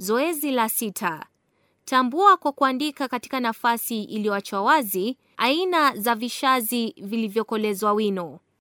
Zoezi la sita. Tambua kwa kuandika katika nafasi iliyoachwa wazi aina za vishazi vilivyokolezwa wino.